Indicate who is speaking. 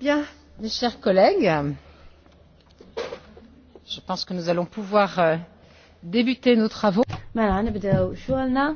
Speaker 1: Bien, mes chers collègues, je pense que nous allons pouvoir euh, débuter nos travaux. Mela, nibdew xogħolna.